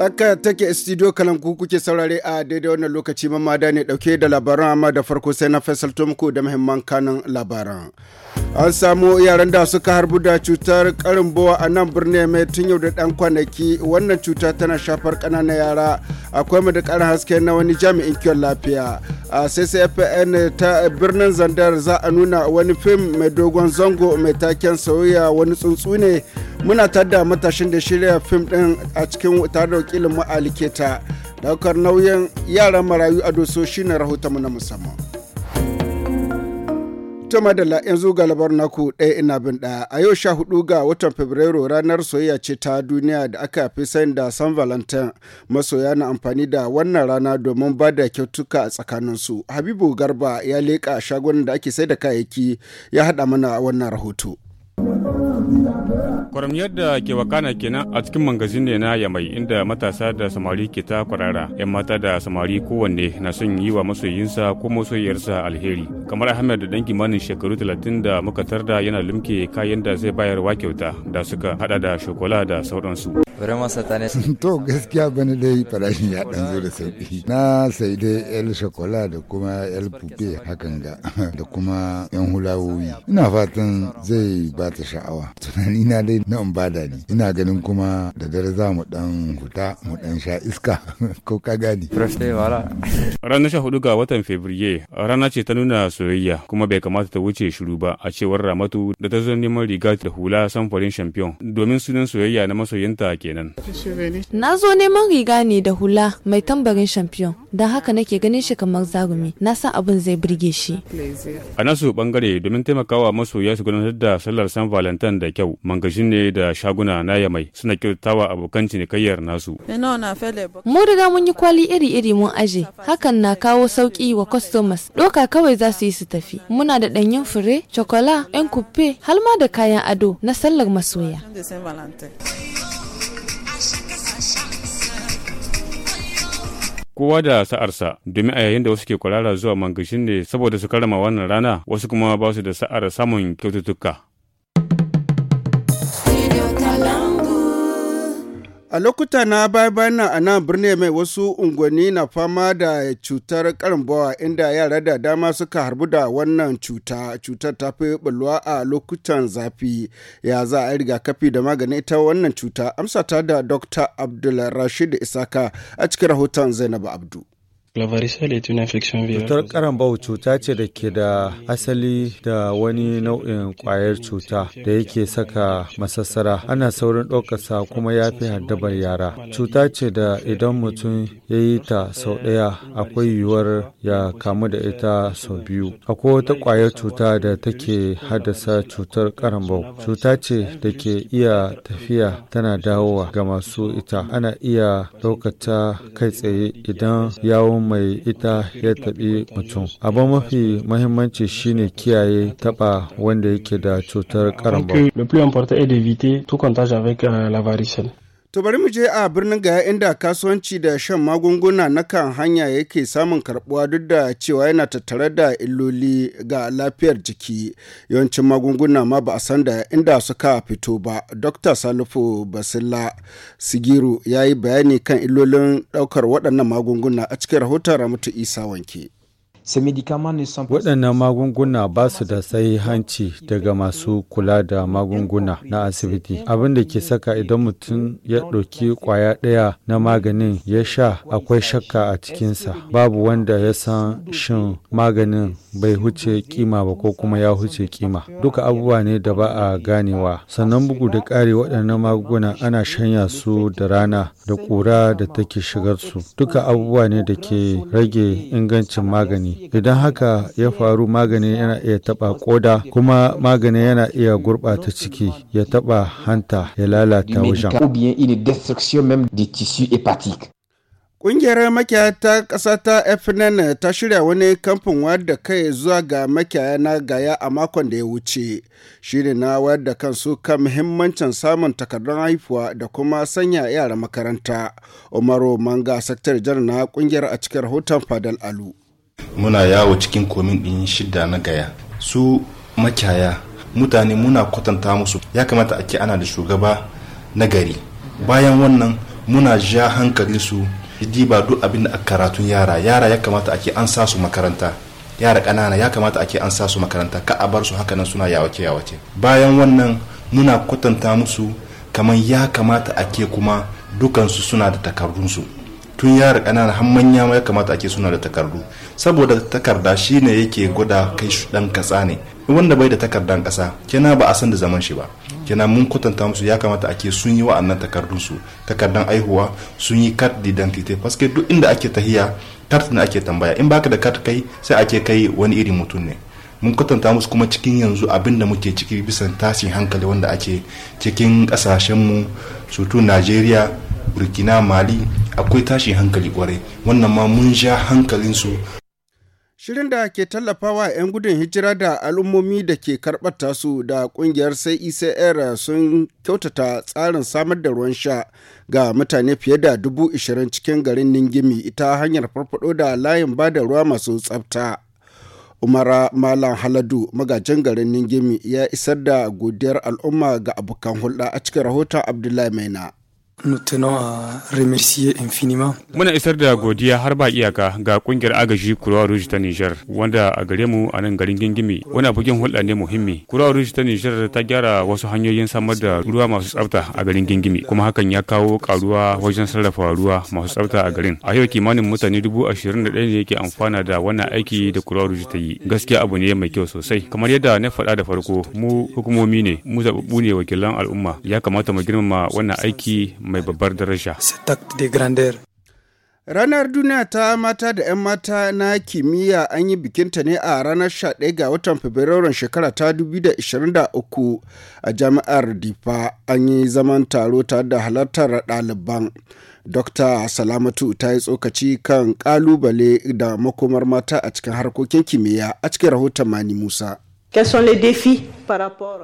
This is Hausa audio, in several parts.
Aka take studio kalanku kuke saurare a daidai wannan lokaci mamada ne dauke da labaran amma da farko sai na Faisal muku da muhimman kanin labaran. An samu yaran da suka harbu da cutar karin bowa a nan birnin mai tun yau da dan kwanaki wannan cuta tana shafar kananan yara akwai mu da karin haske na wani jami'in kiwon lafiya. A CCFN ta birnin Zandar za a nuna wani fim mai dogon zango mai taken sauya wani tsuntsu ne muna tada matashin da shirya fim din a cikin tare da wakilin ma'ali keta daukar nauyin yaran marayu a doso shine rahotonmu na musamman ta madalla yanzu ga labar naku ɗaya ina bin ɗaya a yau sha hudu ga watan fabrairu ranar soyayya ce ta duniya da aka fi sani da san valentin masoya na amfani da wannan rana domin ba da kyautuka a tsakaninsu habibu garba ya leƙa shagunan da ake sai da kayayyaki ya haɗa mana wannan rahoto. kwaramniyar da ke wakana kenan a cikin mangazin ne na yamai inda matasa da samari ke ta kwarara yan mata da samari kowanne na son yi wa masoyinsa ko masoyiyarsa alheri kamar ahmed da dan kimanin shekaru talatin da muka tarda yana limke kayan da zai bayarwa kyauta da suka hada da shokola da sauransu to gaskiya bani dai farashin ya dan zo da sauki na sai dai el shokola da kuma el pupe hakan ga da kuma yan hulawoyi ina fatan zai bata sha'awa tunani na dai na umbada ne ina ganin kuma da dare za mu dan huta mu dan sha iska ko ka gani ranar sha hudu ga watan fevrier rana ce ta nuna soyayya kuma bai kamata ta wuce shiru ba a cewar ramatu da ta zo neman riga da hula samfurin champion domin sunan soyayya na masoyinta kenan na zo neman riga ne da hula mai tambarin champion don haka nake ganin shi kamar zarumi na san abin zai birge shi a nasu bangare domin taimakawa masoya su gudanar da sallar san valentine da mai kyau mangajin ne da shaguna na yamai suna kyautatawa abokan cinikayyar nasu mu riga mun yi kwali iri-iri mun aje hakan na kawo sauki wa customers doka kawai za su yi su tafi muna da ɗanyen fure cokola 'yan har halma da kayan ado na sallar masoya kowa da sa'arsa domin a yayin da wasu ke kwarara zuwa mangashin ne saboda su karama wannan rana wasu kuma ba su da sa'ar samun kyaututtuka A lokuta na baya-bayan nan a nan birni mai wasu unguwanni na fama da cutar karambawa inda yara da dama suka harbu da wannan cuta. Cutar ta fi bulwa a lokutan zafi. Ya za a rigakafi da magani ita wannan cuta Amsata da Dr. Rashid Isaka a cikin rahoton Zainab Abdu. Cutar karambau cuta ce da ke da asali da wani nau'in kwayar cuta da yake saka masassara. Ana saurin ɗaukasa kuma ya fi haddabar yara. Cuta ce da idan mutum ya yi ta sau ɗaya akwai yiwuwar ya kamu da ita sau biyu. Akwai wata kwayar cuta da take haddasa cutar karambau. Cuta ce da ke iya tafiya tana dawowa ga masu ita. Ana iya ɗaukata kai tsaye idan yawon abin mai ita ya taɓi mutum abu mafi mahimmanci shine kiyaye taɓa wanda yake da cutar karamba To bari mu je a birnin Gaya inda kasuwanci da shan magunguna na kan hanya yake samun karbuwa duk da cewa yana tattare da illoli ga lafiyar jiki. Yawancin magunguna ma ba a san da inda suka fito ba. Dr. Salifu Basila Sigiru ya yi bayani kan illolin ɗaukar waɗannan magunguna a cikin rahoton Ramatu Isa Wanke. Waɗannan magunguna ba su da sai hanci daga masu kula da magunguna na asibiti. Abin da ke saka idan mutum ya ɗauki ƙwaya ɗaya na maganin ya sha akwai shakka a cikinsa. Babu wanda ya san shin maganin bai huce kima ba ko kuma ya huce kima. Duka abubuwa ne da ba a ganewa. Sannan bugu da ƙari waɗannan magunguna ana shanya su da rana da ƙura da take shigar su. Duka abubuwa ne da ke rage ingancin magani. idan haka ya faru magani yana iya taɓa koda kuma magani yana iya gurɓata ciki ya taba hanta ya lalata wajen. Ƙungiyar makiyaya ta ƙasa ta FNN ta shirya wani kamfin wayar da kai zuwa ga makiyaya na gaya a makon da ya wuce. Shirin na wayar da kansu kan muhimmancin samun takardun haifuwa da kuma sanya yara makaranta. Umaru Manga, Saktar Jar na ƙungiyar a cikin rahoton Fadal Alu. muna yawo cikin komin ɗin shida na gaya su makiyaya mutane muna kwatanta musu ya kamata a ana da shugaba na gari bayan wannan muna ja hankali su ba duk abin da karatun yara yara ya kamata ake an sa su makaranta yara ƙanana ya kamata ake an sa su makaranta ka a bar su haka nan suna yawace yawace bayan wannan muna kwatanta musu kamar ya kamata ake kuma dukansu suna da takardunsu tun yara ƙanana har manya ma ya kamata ake suna da takardu saboda takarda shi ne yake gwada kai dan kasa ne wanda bai da takardan kasa kina ba a san da zaman shi ba kina mun kwatanta musu ya kamata ake sun yi wa'annan takardun su takardan aihuwa sun yi carte d'identité parce que duk inda ake tahiya carte ne ake tambaya in baka da carte kai sai ake kai wani irin mutum ne mun kwatanta musu kuma cikin yanzu abin da muke ciki bisa tashin hankali wanda ake cikin kasashenmu sutu najeriya burkina mali akwai tashin hankali kwarai wannan ma mun sha hankalinsu Shirin da ke tallafawa 'yan gudun hijira da al'ummomi da ke karbata su da ƙungiyar sai ICR e sun kyautata tsarin samar da ruwan sha ga mutane fiye da dubu ishirin cikin garin Ningimi ita hanyar farfado da layin ba da ruwa masu tsafta. Umara Malam Haladu magajin garin Ningimi ya isar da godiyar al'umma ga abokan hulɗa a cikin rahoton Abdullahi Maina. Muna isar da godiya har ba iyaka ga kungiyar agaji Kurawa Rouge ta Nijar wanda a gare mu a nan garin Gingimi wani abokin hulɗa ne muhimmi. Kurawa Rouge ta Niger ta gyara wasu hanyoyin samar da ruwa masu tsafta a garin Gingimi kuma hakan ya kawo karuwa wajen sarrafa ruwa masu tsafta a garin. A yau kimanin mutane dubu ashirin da ɗaya ne yake amfana da wannan aiki da Kurawa Rouge ta yi. Gaskiya abu ne mai kyau sosai. Kamar yadda na faɗa da farko mu hukumomi ne mu zaɓaɓɓu ne wakilan al'umma ya kamata mu girmama wannan aiki mai babbar daraja. Ranar duniya ta mata da 'yan mata na kimiyya an yi bikinta ne a ranar 11 ga watan Fabrairun shekara ta 2023 a jami'ar Difa an yi zaman taro tare da halartar ɗaliban. Dr. Salamatu ta yi tsokaci kan ƙalubale da makomar mata a cikin harkokin kimiyya a cikin rahoton Mani Musa.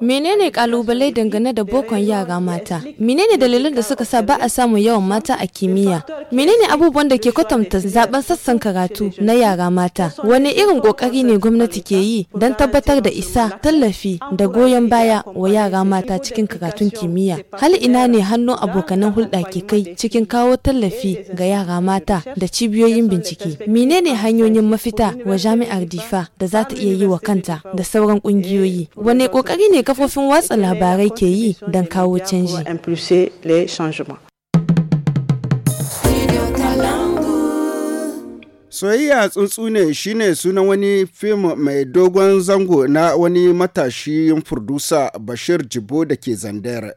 Menene kalubale dangane da bokon yara mata? Menene dalilan da suka sa ba a samu yawan mata a kimiyya? Menene abubuwan da ke kwatanta zaben sassan karatu na yara mata? Wani irin kokari ne gwamnati ke yi don tabbatar da isa, tallafi da goyon baya wa yara mata cikin karatun kimiyya? Hal ina ne hannu abokanan hulɗa ke kai cikin kawo tallafi ga yara mata da cibiyoyin bincike? Menene hanyoyin mafita wa jami'ar Difa da za ta iya yi wa kanta da sauran shugaban kungiyoyi. Wane kokari ne kafofin watsa labarai ke yi don kawo canji? soyayya tsuntsu ne shine sunan wani fim mai dogon zango na wani matashin furdusa bashir jibo da ke zandar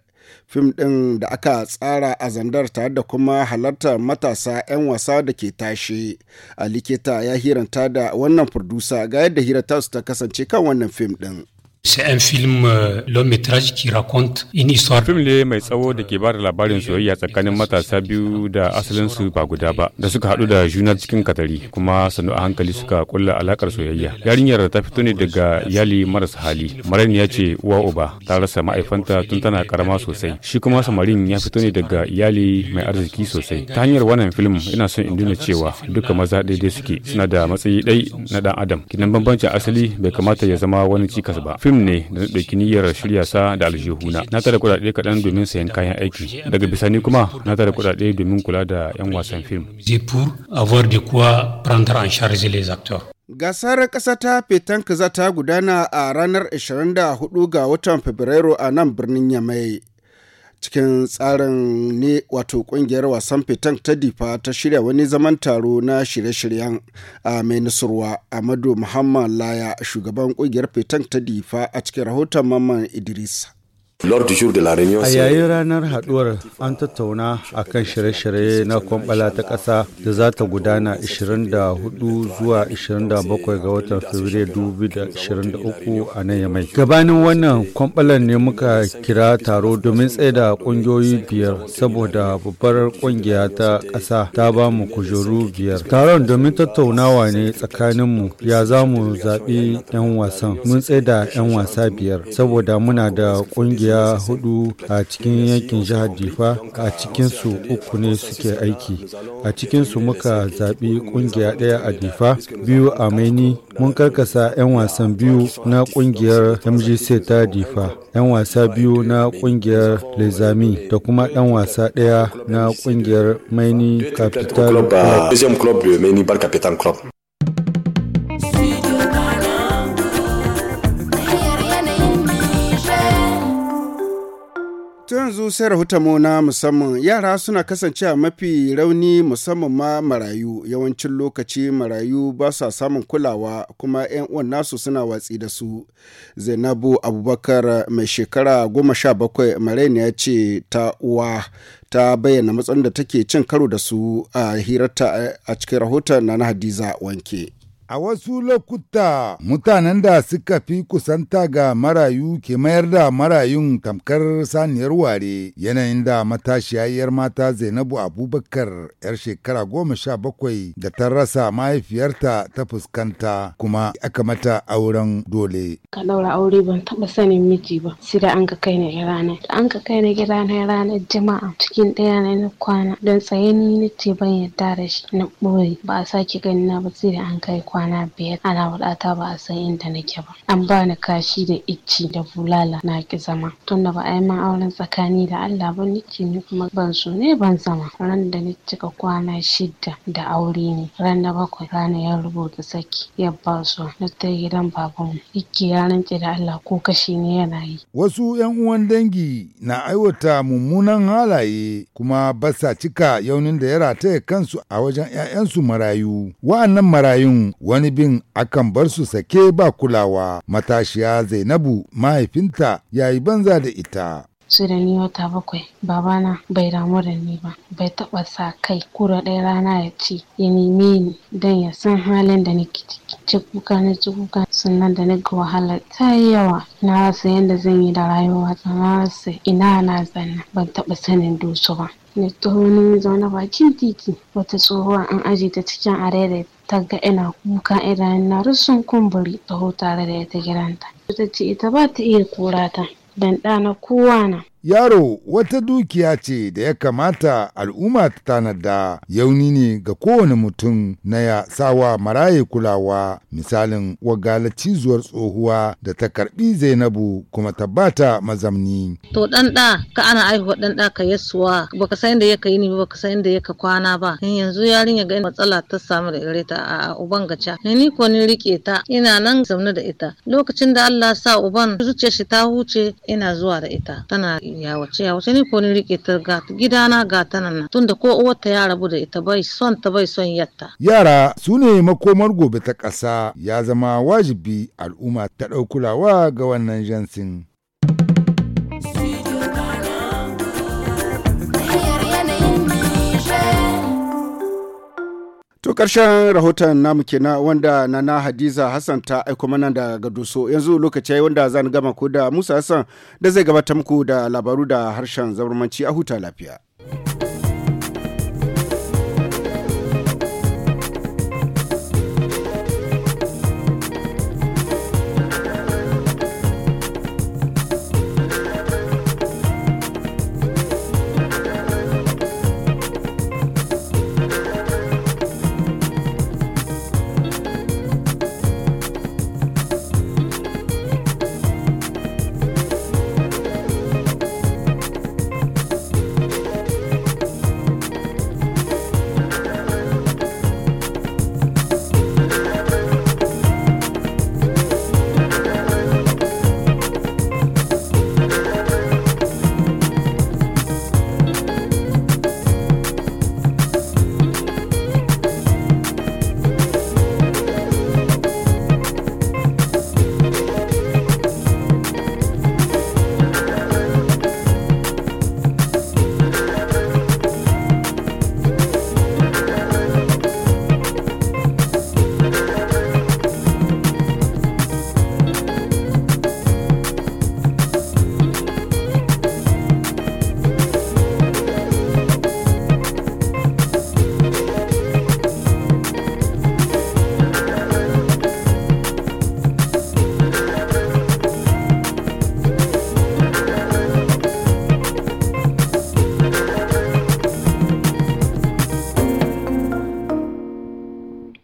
fim ɗin da aka tsara a zandar tare da kuma halartar matasa 'yan wasa da ke tashe a likita ya hiranta da wannan furdusa ga yadda hirata su ta kasance kan wannan fim ɗin. C'est un film long métrage qui raconte une histoire. Film ne mai tsawo da ke ba da labarin soyayya tsakanin matasa biyu da asalin su ba guda ba da suka haɗu da juna cikin katari kuma sannu a hankali suka kulla alakar soyayya. Yarinyar ta fito ne daga yali maras hali. Marin ya ce uwa uba ta rasa ma'aifanta tun tana karama sosai. Shi kuma samarin ya fito ne daga iyali mai arziki sosai. Ta hanyar wannan film ina son in nuna cewa duka maza daidai suke suna da matsayi ɗai na ɗan adam. Kinan bambancin asali bai kamata ya zama wani cikas ba. Film mutum ne da na ɗauki niyyar shirya sa da aljihuna na tara kuɗaɗe kaɗan domin sayan kayan aiki daga bisani kuma na tara kuɗaɗe domin kula da 'yan wasan fim gasar ƙasa ta petanka za ta gudana a ranar 24 ga watan fabrairu a nan birnin yamai cikin tsarin ne wato kungiyar wasan fitan ta difa ta shirya wani zaman taro na shirye-shiryen a mai nasarwa amadu muhammad laya shugaban kungiyar fitan ta difa a cikin rahoton mamman idris A yayin ranar haduwar an tattauna a kan shirye-shirye na kwamfala ta ƙasa da za ta gudana 24 zuwa 27 ga watan Fabrairu 2023 a nan Yamai. Gabanin wannan kwamfalan ne muka kira taro domin tsaida ƙungiyoyi biyar saboda babbar ƙungiya ta ƙasa ta ba mu kujeru biyar. Taron domin tattaunawa ne tsakanin mu ya za mu zaɓi 'yan wasan. Mun da 'yan wasa biyar saboda muna da ƙungiya ya hudu a cikin yankin jihar Difa a cikinsu uku ne suke aiki. A cikin su muka zaɓi ƙungiya ɗaya a Difa, biyu a Maini, mun karkasa 'yan wasan biyu na ƙungiyar MGC ta Difa, 'yan wasa biyu na kungiyar Lezami da kuma ɗan wasa ɗaya na kungiyar Maini Capital Club. yanzu sai rahotanmu na musamman yara suna kasancewa mafi rauni musamman ma marayu yawancin lokaci marayu ba sa samun kulawa kuma 'yan uwan nasu suna watsi da su zainabu abubakar mai shekara goma sha bakwai ya ce ta uwa ta bayyana matsalar da take cin karo da su a hirarta a cikin rahoton na hadiza wanke A wasu lokuta mutanen da suka fi kusanta ga marayu ke mayar da marayun tamkar saniyar ware yanayin da matashiyayyar mata Zainabu Abubakar 'yar shekara goma sha bakwai da ta rasa mahaifiyarta ta fuskanta kuma aka mata auren dole. Ka daura aure ban taba sanin miji ba sai da an ka kai na rana. Da an ka kai na rana ranar jama'a cikin ɗaya na na kwana don tsaye ni na ce ban yarda da shi na ɓoye ba a sake ganina ba sai da an kai kwana. kwana biyar ana wadata ba a san inda nake ba an bani kashi da icci da bulala na ki zama tun da ba a yi ma auren tsakani da Allah ba nake ni kuma ban so ne ban zama ran da ni cika kwana shida da aure ne ran na bakwai rana ya rubuta saki ya ba su na ta gidan babanmu iki ya rance da Allah ko kashi ne yana yi wasu yan uwan dangi na aiwata mummunan halaye kuma ba sa cika yaunin da ya rataya kansu a wajen 'ya'yansu marayu wa'annan marayun wani bin akan bar su sake ba kulawa matashiya zainabu mahaifinta ya yi banza da ita su da ni wata bakwai babana bai damu da ni ba bai taba sa kai kura ɗaya rana ya ce ya neme ni don ya san halin da nake ciki cikuka na cikuka da naga wahala ta yi yawa na rasa yadda zan yi da rayuwa ta na rasa ina na zanna ban taba sanin dusu ba ne taho ni zaune bakin titi wata tsohuwa an aje ta cikin arere ta ga ina kuka idan na rusun kumburi taho tare da ita gidanta ta ce ita ba ta iya kura ta dan ɗana kowa na Yaro wata dukiya ce da ya kamata al'umma ta tanada yauni ne ga kowane mutum na ya sawa maraye kulawa misalin wagala cizuwar tsohuwa da ta karbi Zainabu kuma ta bata mazamni. To ɗanɗa, ka ana aihuwa ɗanɗa da ka yasuwa ka san da ka yi ne ka san da ka kwana ba. In yanzu yarinya ga matsala ta samu da gare ta a uban gaca. Ni ni ko ni rike ta ina nan zaune da ita. Lokacin da Allah sa uban zuciyar shi ta huce ina zuwa da ita. Tana yawace yawace ni ko ni rike ta ga gidana ga ta nan tunda ko uwarta ya rabu da ita bai son ta bai son yatta. Yara su ne makomar gobe ta ƙasa ya zama wajibi al'umma ta ɗau kulawa ga wannan jansin. karshen rahoton namu kenan wanda nana hadiza hassan ta aiko mana ga doso yanzu lokaci yayi wanda zan gama ko da musa hassan da zai gabatar muku da labaru da harshen zamanci a huta lafiya.